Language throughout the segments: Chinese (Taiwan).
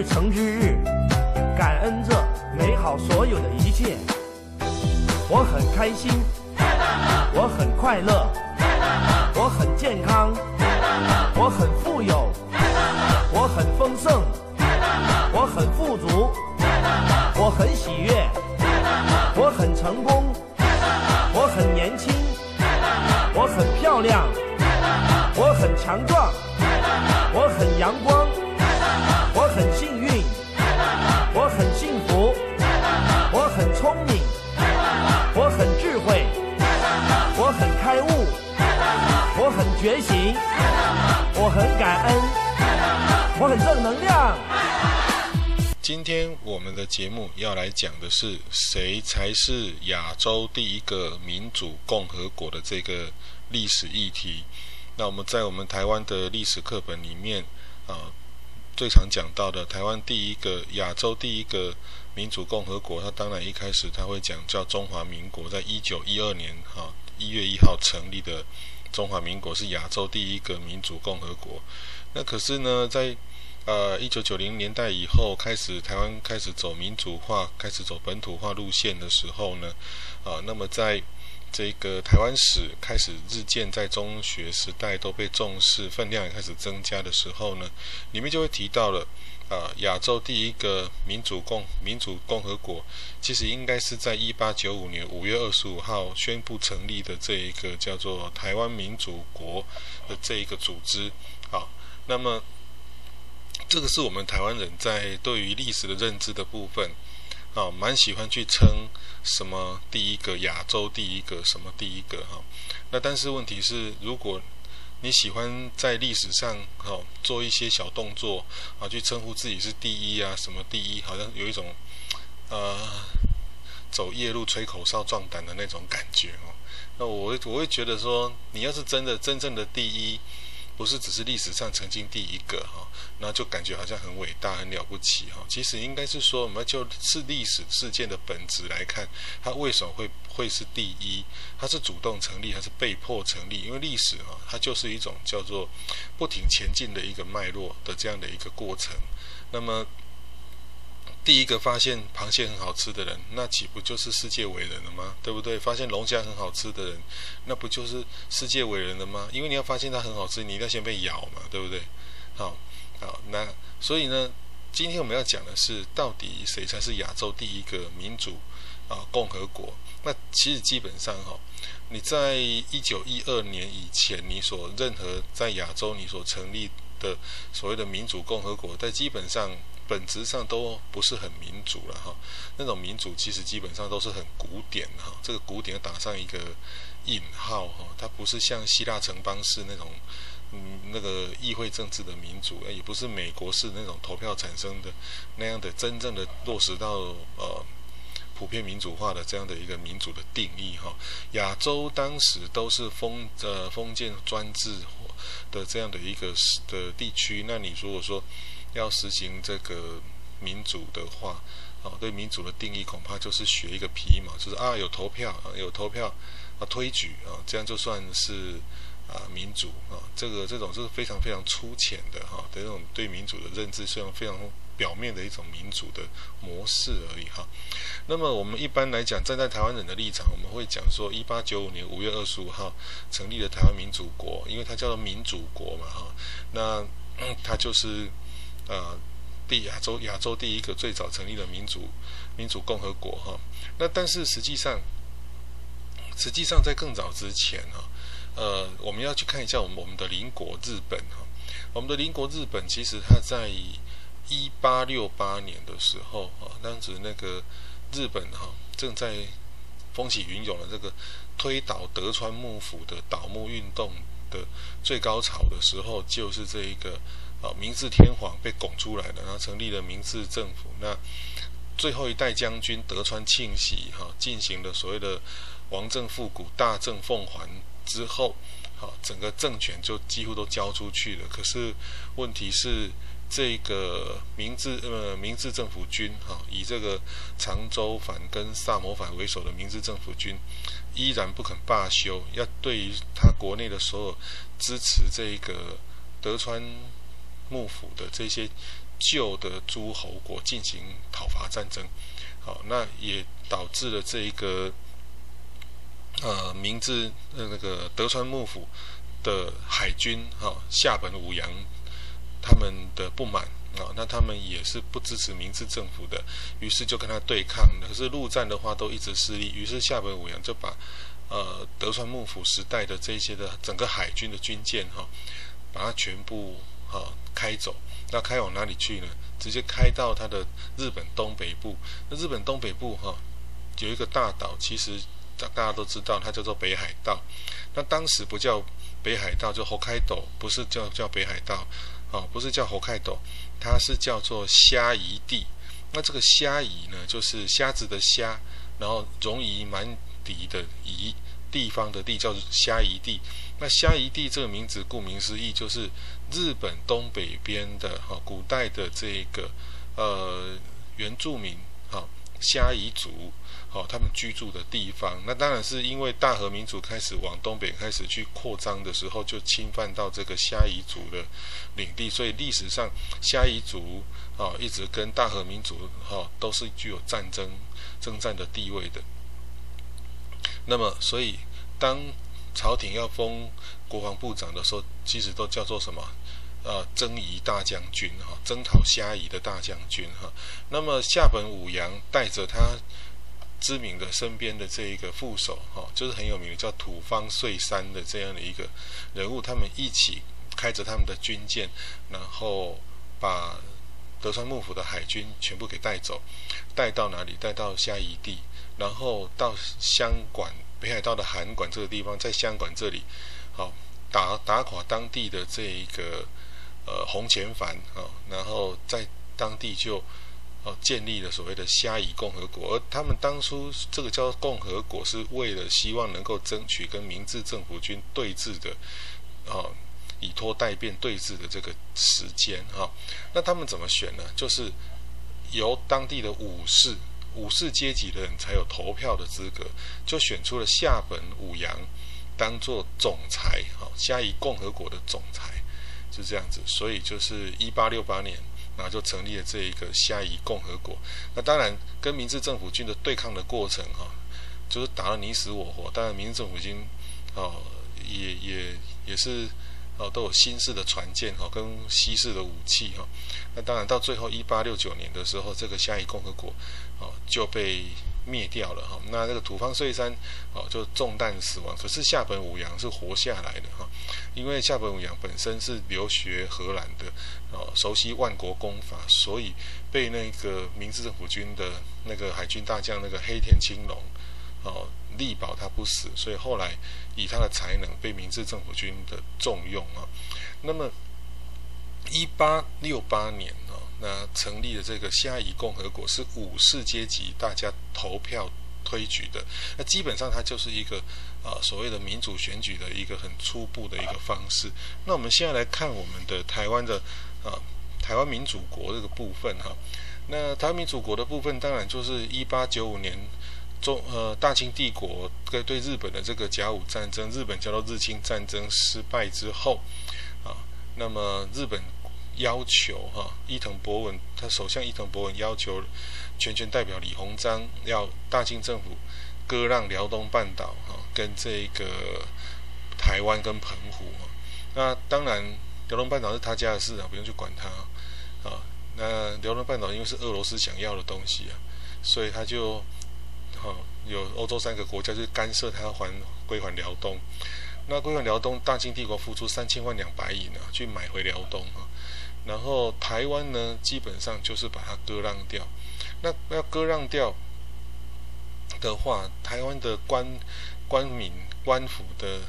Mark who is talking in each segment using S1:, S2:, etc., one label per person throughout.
S1: 日成之日，感恩這美好所有的一切，我很開心，我很快樂，我很健康，我很富有，我很豐盛，我很富足，我很喜悅，我很成功，我很年輕，我很漂亮，我很強壯，我很陽光。我很感恩，我很正能量。今天我們的節目要來講的是誰才是亞洲第一個民主共和國的這個歷史議題。那我們在我們台灣的歷史課本裡面啊，最常講到的台灣第一個、亞洲第一個民主共和國，它當然一開始他會講叫中華民國在，在一九一二年哈一月一號成立的。中華民國是亞洲第一個民主共和國，那可是呢，在呃一九九零年代以後開始，台灣開始走民主化、開始走本土化路線的時候呢，啊、呃，那麼在這個台灣史開始日漸在中學時代都被重視、分量也開始增加的時候呢，裡面就會提到了。啊，亞洲第一個民主共民主共和國，其實應該是在一八九五年五月二十五號宣布成立的這一個叫做台灣民主國的這一個組織。好，那麼這個是我們台灣人在對於歷史的認知的部分，啊，蠻喜歡去稱什麼第一個亞洲第一個什麼第一個哈。那但是問題是，如果你喜歡在歷史上哈、哦、做一些小動作啊，去稱呼自己是第一啊，什麼第一，好像有一種啊、呃、走夜路吹口哨壯膽的那種感覺哦。那我我會覺得說，你要是真的真正的第一。不是只是歷史上曾經第一個哈，那就感覺好像很偉大很了不起哈。其實應該是說，我們就是歷史事件的本質來看，它為什麼會會是第一，它是主動成立還是被迫成立？因為歷史哈，它就是一種叫做不停前進的一個脈絡的這樣的一個過程。那麼。第一個發現螃蟹很好吃的人，那豈不就是世界偉人了嗎？對不對？發現龍蝦很好吃的人，那不就是世界偉人了嗎？因為你要發現它很好吃，你一定要先被咬嘛，對不對？好，好，那所以呢，今天我們要講的是，到底誰才是亞洲第一個民主啊共和國？那其實基本上哈、哦，你在一九一二年以前，你所任何在亞洲你所成立的所謂的民主共和國，在基本上。本質上都不是很民主了哈，那種民主其實基本上都是很古典的哈，這個古典打上一個引號哈，它不是像希臘城邦式那種，嗯，那個議會政治的民主，也不是美國式那種投票產生的那樣的真正的落實到呃普遍民主化的這樣的一個民主的定義哈。亞洲當時都是封呃封建專制的這樣的一個的地區，那你如果說要實行這個民主的話，啊、哦，對民主的定義恐怕就是學一個皮毛嘛，就是啊有投票，有投票啊推舉啊、哦，這樣就算是啊民主啊、哦，這個這種就是非常非常粗淺的哈，哦、對這種對民主的認知，雖然非常表面的一種民主的模式而已哈、哦。那麼我們一般來講，站在台灣人的立場，我們會講說1895，一八九五年五月二十五號成立了台灣民主國，因為它叫做民主國嘛哈、哦，那它就是。呃，第亞洲亞洲第一個最早成立的民主民主共和國哈、啊，那但是實際上實際上在更早之前哈、啊，呃，我們要去看一下我們我們的鄰國日本哈、啊，我們的鄰國日本其實它在一八六八年的時候啊，當時那個日本哈、啊，正在風起雲湧的這個推倒德川幕府的倒幕運動的最高潮的時候，就是這一個。啊，明治天皇被拱出來了，然後成立了明治政府。那最後一代將軍德川慶喜哈、啊、進行了所謂的王政復古、大政奉還之後，哈、啊，整個政權就幾乎都交出去了。可是問題是，這個明治呃明治政府軍哈、啊，以這個長州藩跟薩摩藩為首的明治政府軍依然不肯罷休，要對於他國內的所有支持這個德川。幕府的這些舊的諸侯國進行討伐戰爭，好，那也導致了這一個呃明治呃那個德川幕府的海軍哈榎、哦、本武揚他們的不滿啊、哦，那他們也是不支持明治政府的，於是就跟他對抗。可是陸戰的話都一直失利，於是榎本武揚就把呃德川幕府時代的這些的整個海軍的軍艦哈、哦，把它全部。好、哦，開走。那開往哪裡去呢？直接開到它的日本東北部。那日本東北部哈、哦，有一個大島，其實大家都知道，它叫做北海道。那當時不叫北海道，就 Hokkaido，不是叫叫北海道，哦，不是叫 Hokkaido，它是叫做蝦夷地。那這個蝦夷呢，就是蝦子的蝦，然後戎夷蠻狄的夷地方的地，叫蝦夷地。那蝦夷地這個名字，顧名思義就是。日本東北邊的哈、哦、古代的這個呃原住民哈、哦、蝦夷族哦，他們居住的地方，那當然是因為大和民族開始往東北開始去擴張的時候，就侵犯到這個蝦夷族的領地，所以歷史上蝦夷族哦一直跟大和民族哈、哦、都是具有戰爭征戰的地位的。那麼，所以當朝廷要封國防部長的時候，其實都叫做什麼？呃，征夷大將軍哈，征討蝦夷的大將軍哈。那麼，榎本武揚帶着他知名的身邊的這一個副手哈，就是很有名的叫土方歲三的這樣的一個人物，他們一起開着他們的軍艦，然後把德川幕府的海軍全部給帶走，帶到哪裡？帶到蝦夷地，然後到箱館。北海道的函館這個地方，在箱館這裡，好，打打垮當地的這一個呃紅前藩啊，然後在當地就哦建立了所謂的蝦夷共和國，而他們當初這個叫共和國，是為了希望能夠爭取跟明治政府軍對峙的哦以拖待變對峙的這個時間哈。那他們怎麼選呢？就是由當地的武士，武士階級的人才有投票的資格，就選出了榎本武揚，當做總裁哈蝦夷共和國的總裁，就這樣子。所以就是一八六八年，然後就成立了這一個蝦夷共和國。那當然跟明治政府軍的對抗的過程哈，就是打得你死我活。當然明治政府軍哦也也也是哦都有新式的船艦哈跟西式的武器哈。那當然到最後一八六九年的時候，這個蝦夷共和國。哦，就被滅掉了哈。那那個土方歲三哦，就中彈死亡。可是榎本武揚是活下來的哈、哦，因為榎本武揚本身是留學荷蘭的哦，熟悉萬國公法，所以被那個明治政府軍的那個海軍大將那個黑田清隆哦力保他不死，所以後來以他的才能被明治政府軍的重用啊、哦。那麼一八六八年。那成立的這個蝦夷共和國是武士階級大家投票推舉的，那基本上它就是一個呃、啊、所謂的民主選舉的一個很初步的一個方式。那我們現在來看我們的台灣的啊台灣民主國這個部分哈、啊，那台灣民主國的部分當然就是一八九五年中呃大清帝國對對日本的這個甲午戰爭，日本叫做日清戰爭失敗之後啊，那麼日本。要求哈，伊藤博文他首相伊藤博文要求全權代表李鴻章，要大清政府割讓遼東半島哈，跟這個台灣跟澎湖啊。那當然遼東半島是他家的事啊，不用去管他啊。那遼東半島因為是俄羅斯想要的東西啊，所以他就哈有歐洲三個國家就干涉他還歸還遼東。那歸還遼東，大清帝國付出三千萬兩白銀啊，去買回遼東啊。然後台灣呢，基本上就是把它割讓掉。那要割讓掉的話，台灣的官官民官府的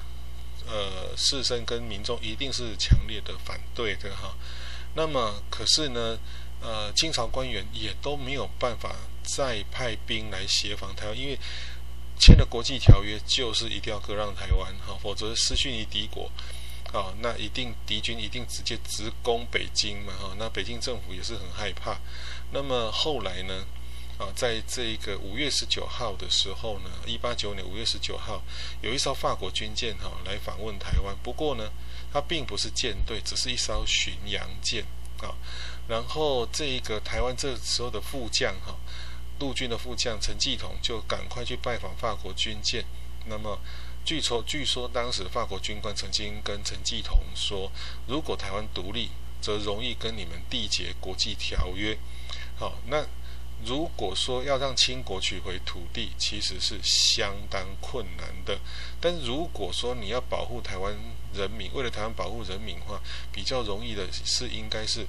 S1: 呃士紳跟民眾一定是強烈的反對的哈。那麼，可是呢，呃，清朝官員也都沒有辦法再派兵來協防台灣，因為簽了國際條約，就是一定要割讓台灣哈，否則失去一敵國。啊、哦，那一定敵軍一定直接直攻北京嘛。哈、哦，那北京政府也是很害怕。那麼後來呢？啊、哦，在這一個五月十九號的時候呢，一八九年五月十九號，有一艘法國軍艦哈、哦、來訪問台灣。不過呢，它並不是艦隊，只是一艘巡洋艦啊、哦。然後這一個台灣這時候的副將哈、哦，陸軍的副將陳季同就趕快去拜訪法國軍艦。那麼。據說，據說當時法國軍官曾經跟陳季同說：“如果台灣獨立，則容易跟你們締結國際條約。”好，那如果說要讓清國取回土地，其實是相當困難的。但如果說你要保護台灣人民，為了台灣保護人民的話，比較容易的是應該是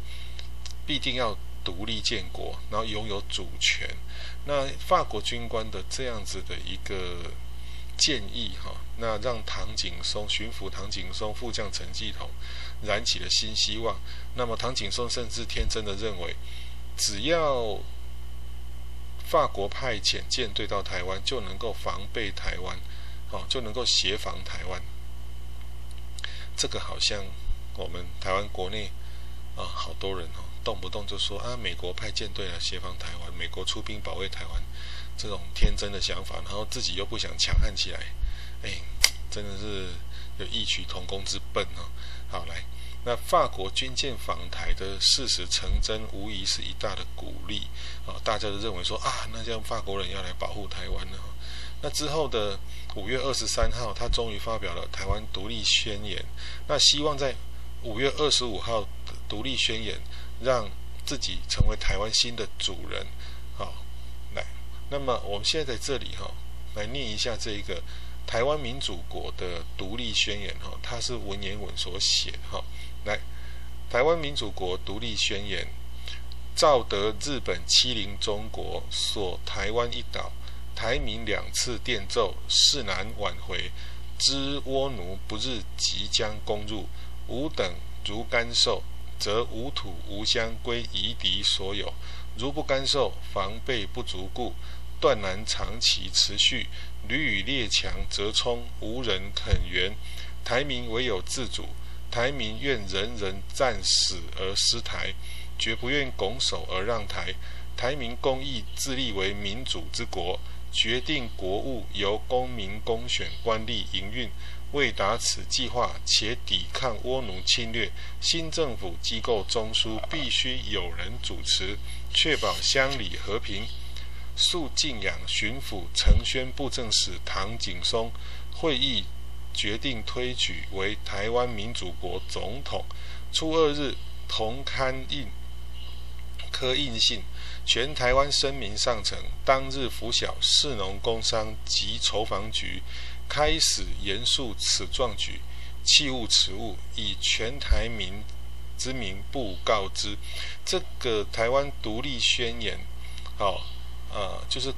S1: 必定要獨立建國，然後擁有主權。那法國軍官的這樣子的一個。建議哈，那讓唐景崧巡撫唐景崧副將陳季同燃起了新希望。那麼唐景崧甚至天真的認為，只要法國派遣艦隊到台灣，就能夠防備台灣，哦，就能夠協防台灣。這個好像我們台灣國內啊，好多人哦，動不動就說啊，美國派艦隊來協防台灣，美國出兵保衛台灣。這種天真的想法，然後自己又不想強悍起來，哎，真的是有異曲同工之笨哦。好，來，那法國軍艦訪台的事實成真，無疑是一大的鼓勵哦。大家都認為說啊，那這樣法國人要來保護台灣了，哦。那之後的五月二十三號，他終於發表了台灣獨立宣言。那希望在五月二十五號，獨立宣言讓自己成為台灣新的主人，好，哦。那麼我們現在在這裡哈，來念一下這一個台灣民主國的獨立宣言哈，它是文言文所寫哈。來，台灣民主國獨立宣言，照得日本欺凌中國，鎖台灣一島，台民兩次電奏，勢難挽回，知倭奴不日即將攻入，吾等如甘受，則吾土吾鄉，歸夷狄所有；如不甘受，防備不足故。斷然長期持續。屢與列強折衝，無人肯援。台民唯有自主。台民願人人戰死而失台，絕不願拱手而讓台。台民公意自立為民主之國，決定國務由公民公選官吏營運。為達此計劃，且抵抗倭奴侵略，新政府機構中樞必須有人主持，確保鄉里和平。肅敬仰巡撫陳宣布政使唐景崧會議決定推舉為台灣民主國總統。初二日同刊印科印信，全台灣聲明上呈。當日拂曉，士農工商及籌防局開始嚴肅此壯舉，器物此物，以全台民之名不告知。這個台灣獨立宣言，哦呃，就是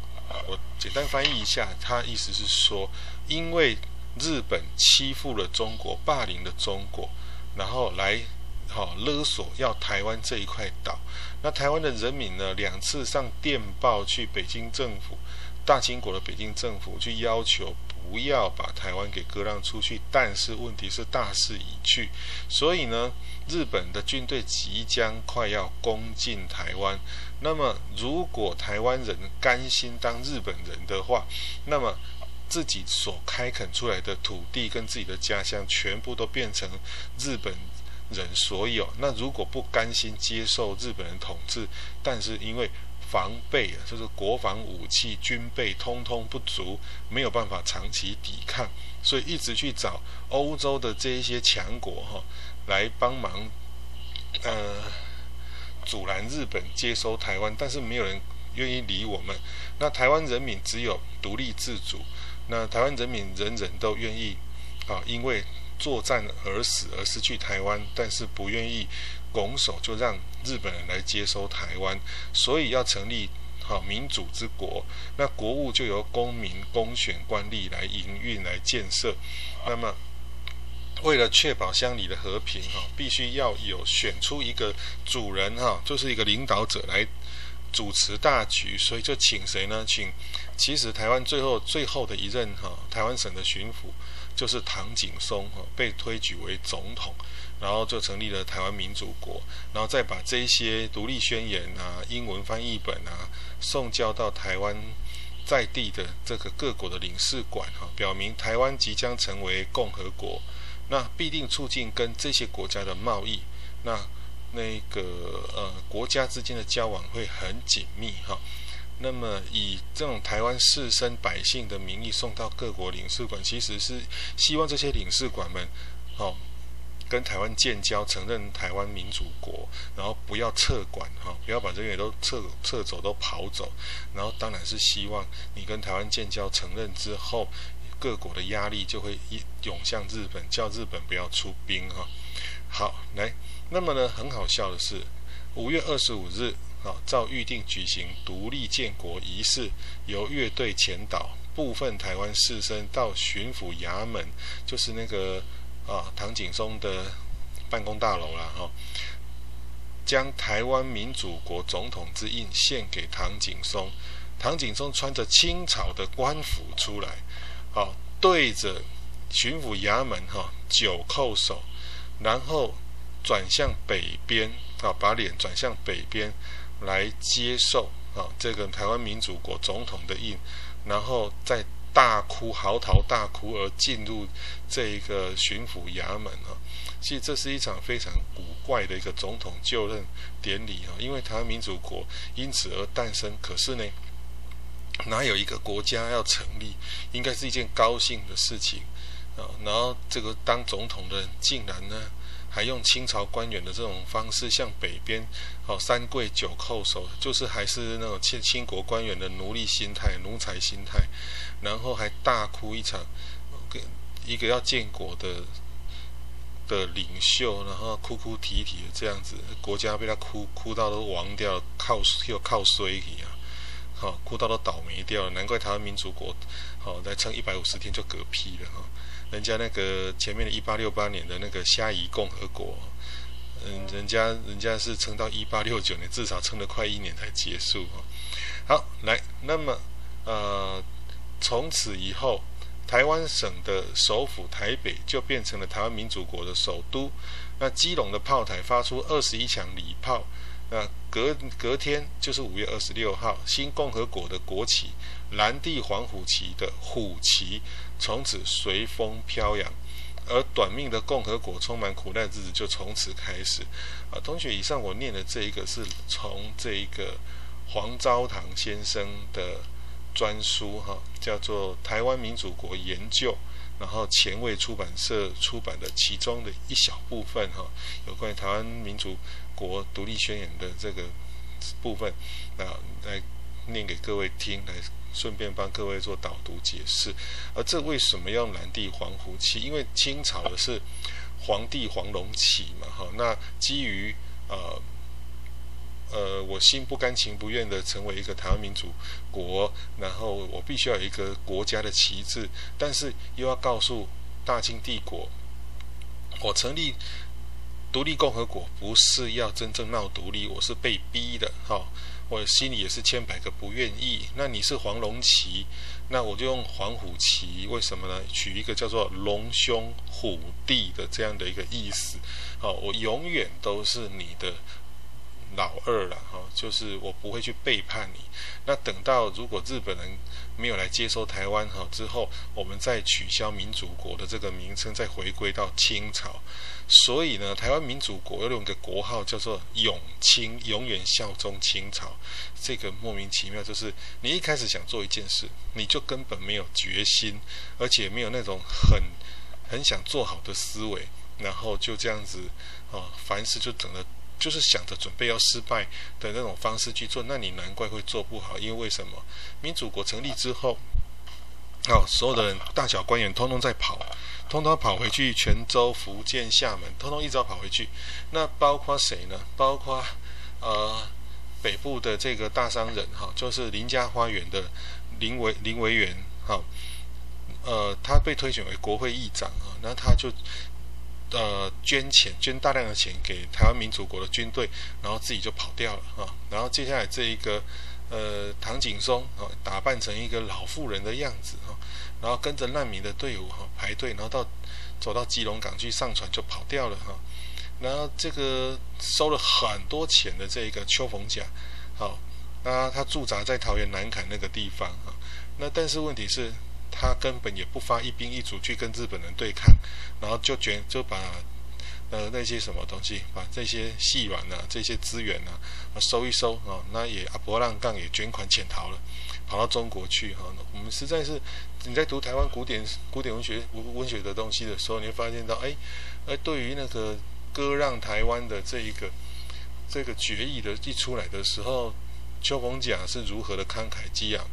S1: 我簡單翻譯一下，他意思是說，因為日本欺負了中國，霸凌了中國，然後來好、哦、勒索要台灣這一塊島。那台灣的人民呢，兩次上電報去北京政府、大清國的北京政府，去要求不要把台灣給割讓出去。但是問題是大勢已去，所以呢，日本的軍隊即將快要攻進台灣。那麼，如果台灣人甘心當日本人的話，那麼自己所開墾出來的土地跟自己的家鄉全部都變成日本人所有。那如果不甘心接受日本人統治，但是因為防備，就是國防武器軍備通通不足，沒有辦法長期抵抗，所以一直去找歐洲的這一些強國哈來幫忙，嗯、呃。阻攔日本接收台灣，但是沒有人願意理我們。那台灣人民只有獨立自主。那台灣人民人、人人都願意，啊，因為作戰而死而失去台灣，但是不願意拱手就讓日本人來接收台灣。所以要成立好、啊、民主之國。那國務就由公民公選官吏來營運、來建設。那麼。為了確保鄉里的和平，哈，必須要有選出一個主人，哈，就是一個領導者來主持大局。所以就請誰呢？請，其實台灣最後最後的一任，哈，台灣省的巡撫就是唐景崧，哈，被推舉為總統，然後就成立了台灣民主國，然後再把這些獨立宣言啊、英文翻譯本啊送交到台灣在地的這個各國的領事館，哈，表明台灣即將成為共和國。那必定促進跟這些國家的貿易，那那個呃國家之間的交往會很緊密哈、哦。那麼以這種台灣士紳百姓的名義送到各國領事館，其實是希望這些領事館們，好、哦、跟台灣建交，承認台灣民主國，然後不要撤館哈、哦，不要把人員都撤撤走都跑走，然後當然是希望你跟台灣建交承認之後。各國的壓力就會湧向日本，叫日本不要出兵哈、哦。好，來，那麼呢，很好笑的是，五月二十五日，好、哦，照預定舉行獨立建國儀式，由樂隊前導，部分台灣士紳到巡撫衙門，就是那個啊、哦，唐景崧的辦公大樓了哈、哦，將台灣民主國總統之印獻給唐景崧。唐景崧穿着清朝的官服出來。好，對着巡撫衙門哈九叩首，然後轉向北邊，啊，把臉轉向北邊來接受啊這個台灣民主國總統的印，然後再大哭嚎啕大哭而進入這一個巡撫衙門啊。其實這是一場非常古怪的一個總統就任典禮啊，因為台灣民主國因此而誕生。可是呢？哪有一個國家要成立，應該是一件高興的事情、哦、然後這個當總統的竟然呢，還用清朝官員的這種方式向北邊哦三跪九叩首，就是還是那種清清國官員的奴隸心態、奴才心態，然後還大哭一場，跟一個要建國的的領袖，然後哭哭啼啼,啼的這樣子，國家被他哭哭到都亡掉，靠又靠,靠衰一樣。哦，哭到都倒霉掉了，難怪台灣民主國，好、哦，來撐一百五十天就嗝屁了哈、哦。人家那個前面的1868年的那個蝦夷共和國，嗯，人家人家是撐到1869年，至少撐了快一年才結束哈、哦。好，來，那麼，呃，從此以後，台灣省的首府台北就變成了台灣民主國的首都。那基隆的炮台發出二十一響禮炮。那隔隔天就是五月二十六號，新共和國的國旗——藍地黃虎旗的虎旗，從此隨風飄揚。而短命的共和國充滿苦難的日子就從此開始。啊，同學，以上我念的這一個是從這一個黃昭堂先生的專書哈，叫做《台灣民主國研究》，然後前衛出版社出版的其中的一小部分哈，有關於台灣民主。國獨立宣言的這個部分，那來念給各位聽，來順便幫各位做導讀解釋。而這為什麼要藍地黃虎旗？因為清朝的是黃地黃龍旗嘛，哈。那基於呃呃，我心不甘情不願的成為一個台灣民主國，然後我必須要有一個國家的旗幟，但是又要告訴大清帝國，我成立獨立共和國不是要真正鬧獨立，我是被逼的，哈、哦，我心裡也是千百個不願意。那你是黃龍旗，那我就用黃虎旗，為什麼呢？取一個叫做龍兄虎弟的這樣的一個意思，好、哦，我永遠都是你的。老二了哈，就是我不會去背叛你。那等到如果日本人沒有來接收台灣哈之後，我們再取消民主國的這個名稱，再回歸到清朝。所以呢，台灣民主國有一個國號叫做“永清”，永遠效忠清朝。這個莫名其妙，就是你一開始想做一件事，你就根本沒有決心，而且沒有那種很很想做好的思維，然後就這樣子啊，凡事就等了。就是想着準備要失敗的那種方式去做，那你難怪會做不好，因為為什麼？民主國成立之後，好，所有的人，大小官員，通通在跑，通通跑回去泉州、福建、廈門，通通一早跑回去。那包括誰呢？包括呃北部的這個大商人哈，哦，就是林家花園的林維林維源哈，哦，呃，他被推選為國會議長啊，那他就。呃，捐錢，捐大量的錢給台灣民主國的軍隊，然後自己就跑掉了啊。然後接下來這一個，呃，唐景崧，啊、打扮成一個老婦人的樣子啊，然後跟着難民的隊伍哈、啊、排隊，然後到走到基隆港去上船就跑掉了哈、啊。然後這個收了很多錢的這一個邱逢甲，好、啊，那、啊、他駐紮在桃園南崁那個地方啊。那但是問題是。他根本也不發一兵一卒去跟日本人對抗，然後就捲就把呃那些什麼東西，把這些細軟啊、這些資源啊收一收啊、哦，那也阿波浪槓也捲款潛逃了，跑到中國去哈、哦。我們實在是，你在讀台灣古典古典文學文文學的東西的時候，你會發現到哎、呃，對於那個割讓台灣的這一個這個決議的一出來的時候，丘逢甲是如何的慷慨激昂、啊。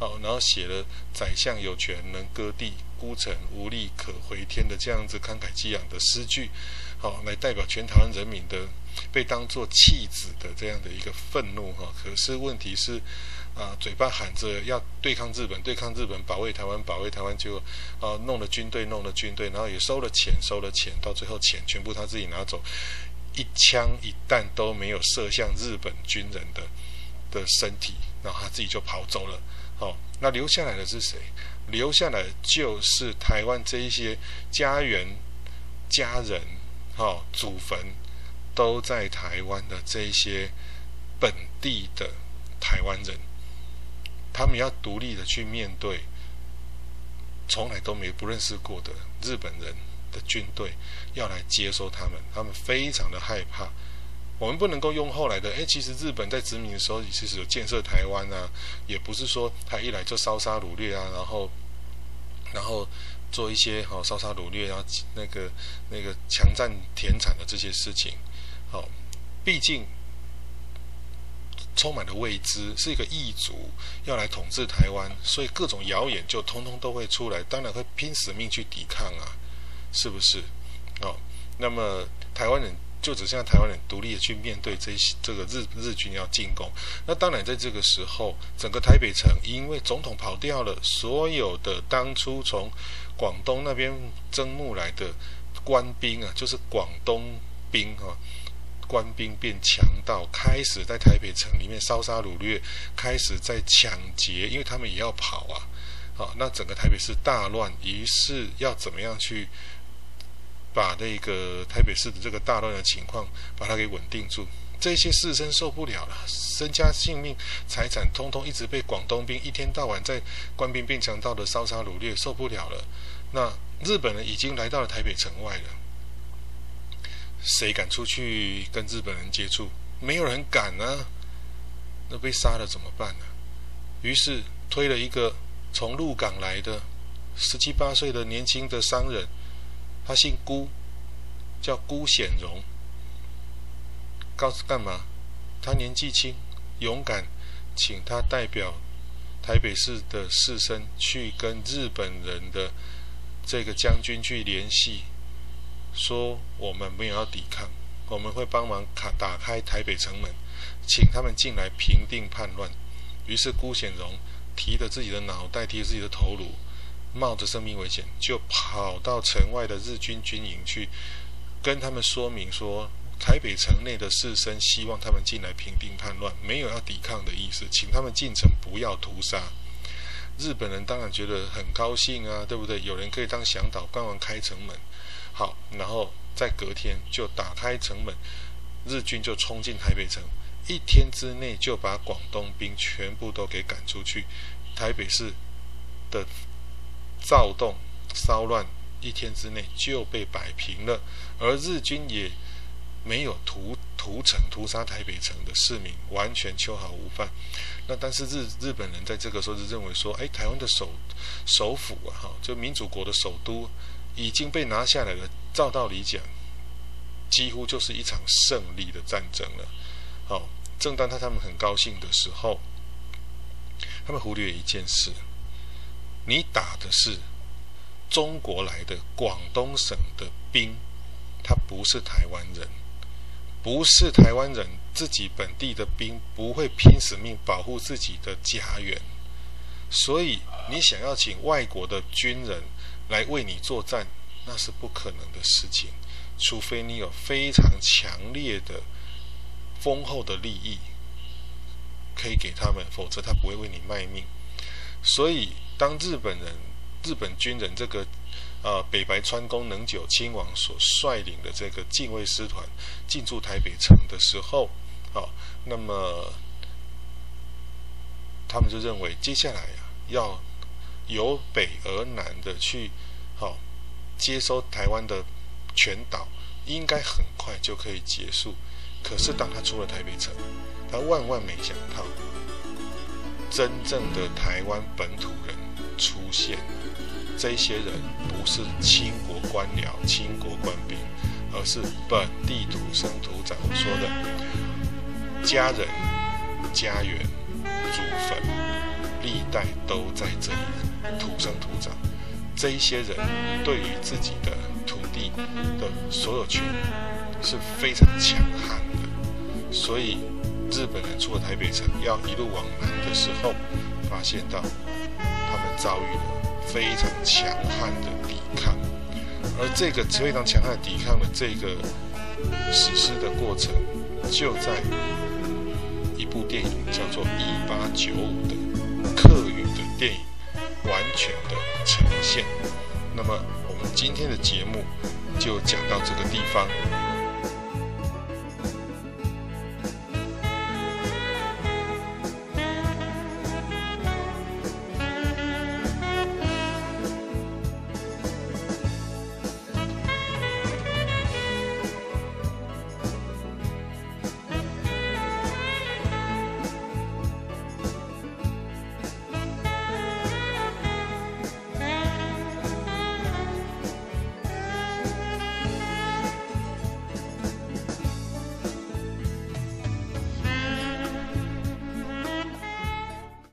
S1: 好，然後寫了“宰相有權能割地，孤臣無力可回天”的這樣子慷慨激昂的詩句，好，來代表全台灣人民的被當作棄子的這樣的一個憤怒哈。可是問題是，啊，嘴巴喊着要對抗日本、對抗日本，保衛台灣、保衛台灣，就啊，弄了軍隊、弄了軍隊，然後也收了錢、收了錢，到最後錢全部他自己拿走，一槍一彈都沒有射向日本軍人的的身體，然後他自己就跑走了。哦，那留下來的是誰？留下來就是台灣這一些家園、家人、好、哦、祖墳都在台灣的這一些本地的台灣人，他們要獨立的去面對，從來都沒不認識過的日本人的軍隊要來接收他們，他們非常的害怕。我們不能夠用後來的，哎，其實日本在殖民的時候，其實有建設台灣啊，也不是說他一來就燒殺擄掠啊，然後，然後做一些好、哦、燒殺擄掠，然後那個那個強占田產的這些事情，好、哦，畢竟充滿了未知，是一個異族要來統治台灣，所以各種謠言就通通都會出來，當然會拼死命去抵抗啊，是不是？哦，那麼台灣人。就只剩下台灣人獨立的去面對這些這個日日軍要進攻。那當然在這個時候，整個台北城因為總統跑掉了，所有的當初從廣東那邊徵募來的官兵啊，就是廣東兵啊，官兵變強盜，開始在台北城裡面燒殺擄掠，開始在搶劫，因為他們也要跑啊。好、啊，那整個台北市大亂，於是要怎麼樣去把那個台北市的這個大亂的情況，把它給穩定住。這些士紳受不了了，身家性命、財產通通一直被廣東兵一天到晚在官兵變強盜的燒殺擄掠，受不了了。那日本人已經來到了台北城外了，誰敢出去跟日本人接觸？沒有人敢啊！那被殺了怎麼辦呢，啊？於是推了一個從鹿港來的十七八歲的年輕的商人。他姓辜，叫辜顯榮。告訴幹嘛？他年紀輕，勇敢，請他代表台北市的士紳去跟日本人的這個將軍去聯繫，說我們沒有要抵抗，我們會幫忙打打開台北城門，請他們進來平定叛亂。於是辜顯榮提着自己的腦袋，提着自己的頭顱，冒着生命危險，就跑到城外的日軍軍營去，跟他們說明說，台北城內的士紳希望他們進來平定叛亂，沒有要抵抗的意思，請他們進城不要屠殺。日本人當然覺得很高興啊，對不對？有人可以當嚮導，幫忙開城門。好，然後在隔天就打開城門，日軍就衝進台北城，一天之內就把廣東兵全部都給趕出去，台北市的。躁動、騷亂，一天之內就被擺平了，而日軍也沒有屠屠城、屠殺台北城的市民，完全秋毫無犯。那但是日日本人在這個時候就認為說，哎，台灣的首首府啊，哈，就民主國的首都已經被拿下來了，照道理講，幾乎就是一場勝利的戰爭了。好，正當他他們很高興的時候，他們忽略一件事。你打的是中國來的廣東省的兵，他不是台灣人，不是台灣人自己本地的兵，不會拼死命保護自己的家園，所以你想要請外國的軍人來為你作戰，那是不可能的事情，除非你有非常強烈的豐厚的利益可以給他們，否則他不會為你賣命。所以，當日本人、日本軍人這個，呃，北白川宮能久親王所率領的這個近衛師團進駐台北城的時候，好、哦，那麼他們就認為接下來呀、啊，要由北而南的去好、哦、接收台灣的全島，應該很快就可以結束。可是，當他出了台北城，他萬萬沒想到。真正的台灣本土人出現，這些人不是清國官僚、清國官兵，而是本地土生土長。我說的家人、家園、祖墳、歷代都在這裡，土生土長。這些人對於自己的土地的所有權是非常強悍的，所以。日本人出了台北城，要一路往南的時候，發現到他們遭遇了非常強悍的抵抗，而這個非常強悍的抵抗的這個史詩的過程，就在一部電影叫做《一八九五》的客語的電影完全的呈現。那麼，我們今天的節目就講到這個地方。